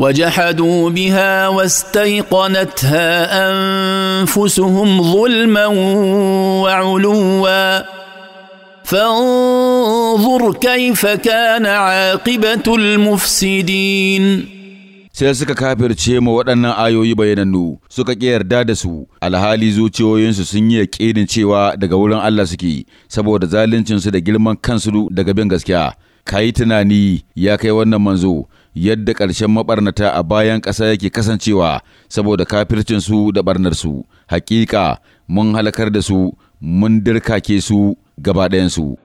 وجحدوا بها واستيقنتها انفسهم ظلما وعلوا فانظر كيف كان عاقبه المفسدين sai suka kafirce ma waɗannan ayoyi bayanannu suka ƙi yarda da su alhali zuciyoyinsu sun yi yaƙinin cewa daga wurin Allah suke saboda zaluncinsu da girman kansu daga bin gaskiya ka yi tunani ya kai wannan manzo yadda ƙarshen maɓarnata a bayan ƙasa yake kasancewa saboda kafircinsu da ɓarnarsu hakika mun halakar da su mun dirkake su gaba ɗayansu